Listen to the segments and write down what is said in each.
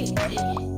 Yeah.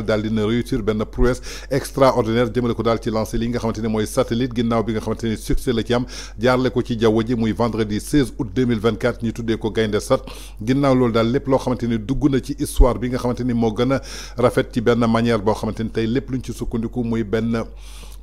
Sénégal une dina réussir prouesse extraordinaire Demain, ko dal ci lancé satellite ginnaw bi nga xamanteni succès la ci am ko ci vendredi 16 août 2024 ñu tuddé ko Gaynde Sat ginnaw dal lepp lo xamanteni duguna histoire rafet ci manière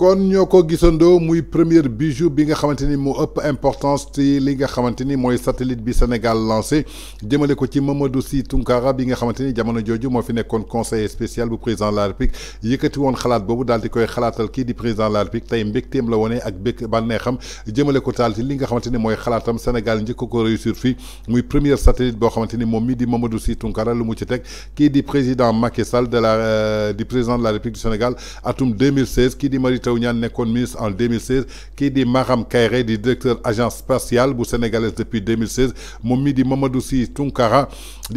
kon ñoko gissando muy premier bijou bi nga xamanteni mo upp importance ci li nga xamanteni moy satellite bi Sénégal lancé jëmele ko ci Mamadou Sy Tounkara bi nga xamanteni jamono joju mo fi nekkon conseiller spécial bu président de la République yëkëti won xalaat bobu dal di koy xalaatal ki di président de la République tay mbégteem la woné ak bég bànneexam jëmele ko taal ci li nga xamanteni moy xalaatam Sénégal njëkk ko réussir fi muy premier satellite bo xamanteni mom mi di Mamadou Sy Tounkara lu mu ci tek ki di président Macky Sall de la euh, di président de la République du Sénégal atum 2016 ki di Mary Mary Teuw ministre en 2016 qui di Maram Kairé directeur agence spatiale bu sénégalaise depuis 2016 moom mi di Mamadou Si Tunkara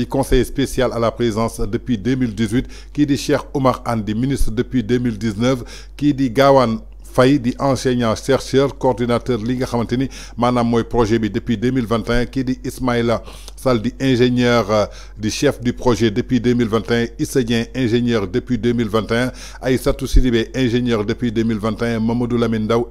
conseiller spécial à la présence depuis 2018 qui di cher omar andy ministre depuis 2019 qui di Gawan Faye di enseignant chercheur coordinateur li nga xamante ni projet depuis 2021 qui di Ismaïla salle di ingénieur euh, chef du projet depuis 2021 mille ingénieur depuis 2021 Aïssa vingt ingénieur depuis 2021. mille Mamadou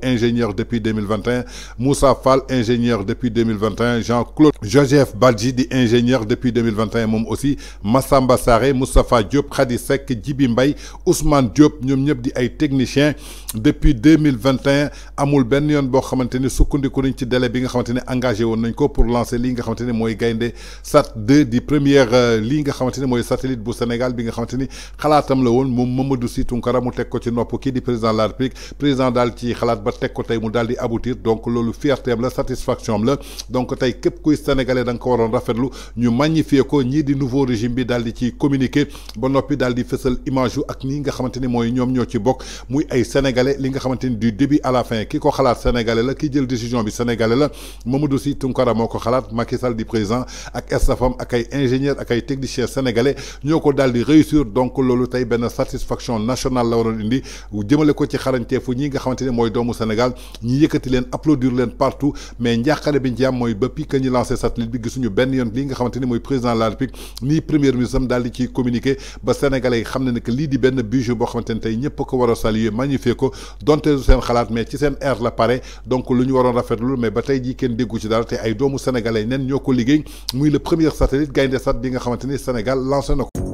ingénieur depuis 2021. Moussa Fall ingénieur depuis 2021. Jean-Claude Joseph Badji di ingénieur depuis 2021. mille aussi Massamba Sarré Moussafa Diop Khadisek, Seck Ousmane Diop nyom nyop di ay techniciens depuis 2021 Amoul ben Yon un amul benn yoon engagé au nañ pour lancer l'ingénieur nga SAT 2 di première euh, li nga xamanteni moy satellite bu Sénégal bi nga xamanteni ni xalaatam la won mom Mamadou Sy Tounkara mu teg ko ci nopp ki di président de la République président dal ci xalaat ba tek ko tay mu dal di aboutir donc lolu fierté am la satisfaction am la donc tay kep kuy sénégalais da nga ko waroon rafetlu ñu magnifier ko ñi di nouveau régime bi dal di ci communiquer ba nopi dal di fessel image ak ni nga xamanteni moy ñom ñoom ñoo ci bokk muy ay sénégalais li nga xamanteni du début à la fin kiko ko xalaat sénégalais la ki jël décision bi sénégalais la Mamadou Sy Tounkara moo xalaat Macky Sall di président ak estafam ak ay ingénieur ak ay technicien sénégalais ñoko ko di réussir donc lolu tay ben satisfaction nationale la waroon indi jëmele ko ci xarañteefu ñi nga xamante moy doomu Sénégal ñi yëkëti leen applaudir leen partout mais njaaxare bi ñu ci am mooy bëppi ñu lancé satellite bi gisuñu ben yoon li nga xamante moy président de la République nii premier ministre am daal di ba sénégalais xamna ne que Li di Ben budget bo xamante tay ñepp ko wara saluer magnifier ko seen xalaat mais ci seen air la paré donc lu ñu waroon rafetlu mais ba tay ji kenn déggu ci dara te ay doomu sénégalais neen ñoko liggéey oui, le premier satellite Gaïndé Sat bi nga Sénégal lancé un